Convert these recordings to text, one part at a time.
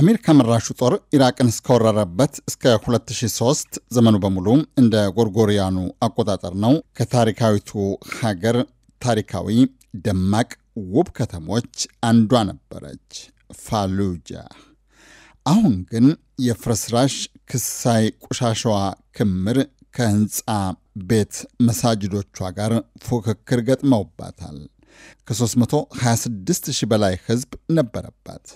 አሜሪካ መራሹ ጦር ኢራቅን እስከወረረበት እስከ 2003 ዘመኑ በሙሉ እንደ ጎርጎሪያኑ አቆጣጠር ነው። ከታሪካዊቱ ሀገር ታሪካዊ ደማቅ ውብ ከተሞች አንዷ ነበረች ፋሉጃ። አሁን ግን የፍርስራሽ ክሳይ ቆሻሻዋ ክምር ከህንፃ ቤት መሳጅዶቿ ጋር ፉክክር ገጥመውባታል። ከ326 ሺህ በላይ ህዝብ ነበረባት።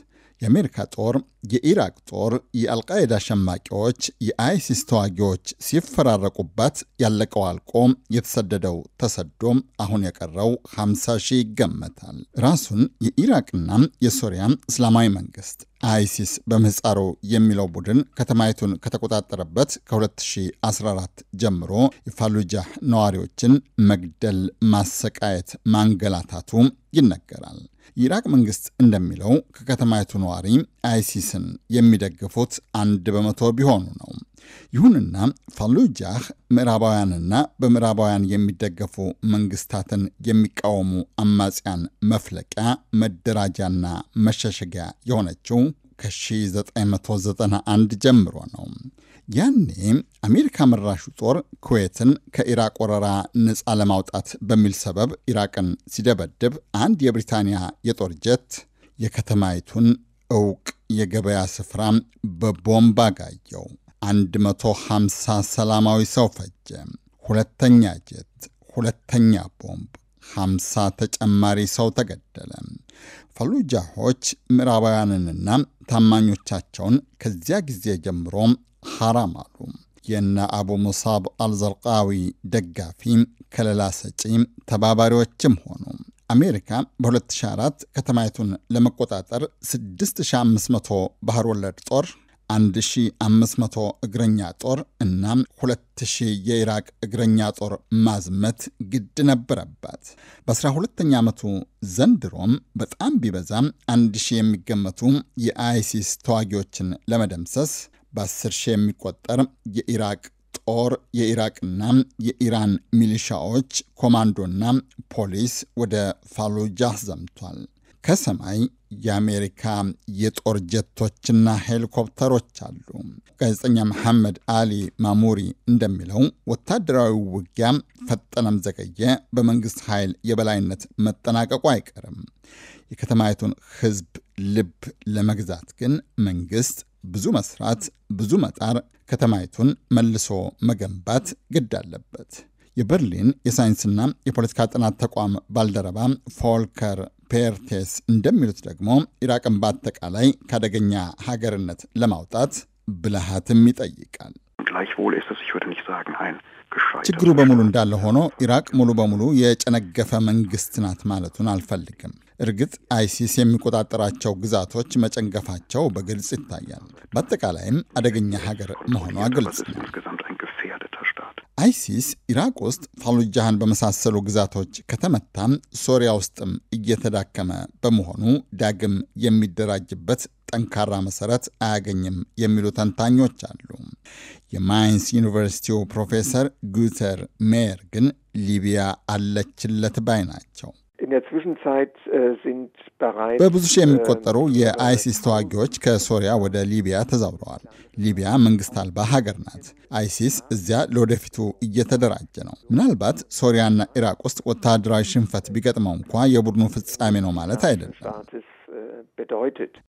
የአሜሪካ ጦር፣ የኢራቅ ጦር፣ የአልቃይዳ ሸማቂዎች፣ የአይሲስ ተዋጊዎች ሲፈራረቁባት ያለቀው አልቆ የተሰደደው ተሰዶም አሁን የቀረው 50 ሺህ ይገመታል። ራሱን የኢራቅና የሶሪያ እስላማዊ መንግስት አይሲስ በምህፃሩ የሚለው ቡድን ከተማይቱን ከተቆጣጠረበት ከ2014 ጀምሮ የፋሉጃ ነዋሪዎችን መግደል፣ ማሰቃየት፣ ማንገላታቱ ይነገራል። የኢራቅ መንግስት እንደሚለው ከከተማይቱ ነዋሪ አይሲስን የሚደግፉት አንድ በመቶ ቢሆኑ ነው። ይሁንና ፋሉጃህ ምዕራባውያንና በምዕራባውያን የሚደገፉ መንግስታትን የሚቃወሙ አማጽያን መፍለቂያ መደራጃና መሸሸጊያ የሆነችው ከ1991 ጀምሮ ነው። ያኔ አሜሪካ መራሹ ጦር ኩዌትን ከኢራቅ ወረራ ነፃ ለማውጣት በሚል ሰበብ ኢራቅን ሲደበድብ አንድ የብሪታንያ የጦር ጀት የከተማይቱን እውቅ የገበያ ስፍራ በቦምብ አጋየው። 150 ሰላማዊ ሰው ፈጀ። ሁለተኛ ጀት፣ ሁለተኛ ቦምብ 50 ተጨማሪ ሰው ተገደለ። ፈሉጃዎች ምዕራባውያንንና ታማኞቻቸውን ከዚያ ጊዜ ጀምሮ ሐራም አሉ። የነ አቡ ሙሳብ አልዘርቃዊ ደጋፊ፣ ከለላ ሰጪ ተባባሪዎችም ሆኑ። አሜሪካ በ2004 ከተማይቱን ለመቆጣጠር 6500 ባህር ወለድ ጦር 1500 እግረኛ ጦር እና 2000 የኢራቅ እግረኛ ጦር ማዝመት ግድ ነበረባት። በ12ኛ ዓመቱ ዘንድሮም በጣም ቢበዛም 1000 የሚገመቱ የአይሲስ ተዋጊዎችን ለመደምሰስ በ10 ሺህ የሚቆጠር የኢራቅ ጦር የኢራቅና የኢራን ሚሊሻዎች ኮማንዶና ፖሊስ ወደ ፋሉጃህ ዘምቷል። ከሰማይ የአሜሪካ የጦር ጀቶችና ሄሊኮፕተሮች አሉ። ጋዜጠኛ መሐመድ አሊ ማሙሪ እንደሚለው ወታደራዊ ውጊያ ፈጠነም ዘገየ በመንግስት ኃይል የበላይነት መጠናቀቁ አይቀርም። የከተማይቱን ህዝብ ልብ ለመግዛት ግን መንግስት ብዙ መስራት፣ ብዙ መጣር፣ ከተማይቱን መልሶ መገንባት ግድ አለበት። የበርሊን የሳይንስና የፖለቲካ ጥናት ተቋም ባልደረባ ፎልከር ፔርቴስ እንደሚሉት ደግሞ ኢራቅን በአጠቃላይ ከአደገኛ ሀገርነት ለማውጣት ብልሃትም ይጠይቃል። ችግሩ በሙሉ እንዳለ ሆኖ ኢራቅ ሙሉ በሙሉ የጨነገፈ መንግስት ናት ማለቱን አልፈልግም። እርግጥ አይሲስ የሚቆጣጠራቸው ግዛቶች መጨንገፋቸው በግልጽ ይታያል። በአጠቃላይም አደገኛ ሀገር መሆኗ ግልጽ ነው። አይሲስ ኢራቅ ውስጥ ፋሉጃህን በመሳሰሉ ግዛቶች ከተመታም ሶሪያ ውስጥም እየተዳከመ በመሆኑ ዳግም የሚደራጅበት ጠንካራ መሰረት አያገኝም የሚሉ ተንታኞች አሉ። የማይንስ ዩኒቨርሲቲው ፕሮፌሰር ጉተር ሜየር ግን ሊቢያ አለችለት ባይ ናቸው። Äh, በብዙ ሺህ የሚቆጠሩ äh, የአይሲስ ተዋጊዎች ከሶሪያ ወደ ሊቢያ ተዛውረዋል። ሊቢያ መንግስት አልባ ሀገር ናት። አይሲስ እዚያ ለወደፊቱ እየተደራጀ ነው። ምናልባት ሶሪያና ኢራቅ ውስጥ ወታደራዊ ሽንፈት ቢገጥመው እንኳ የቡድኑ ፍጻሜ ነው ማለት አይደለም። äh,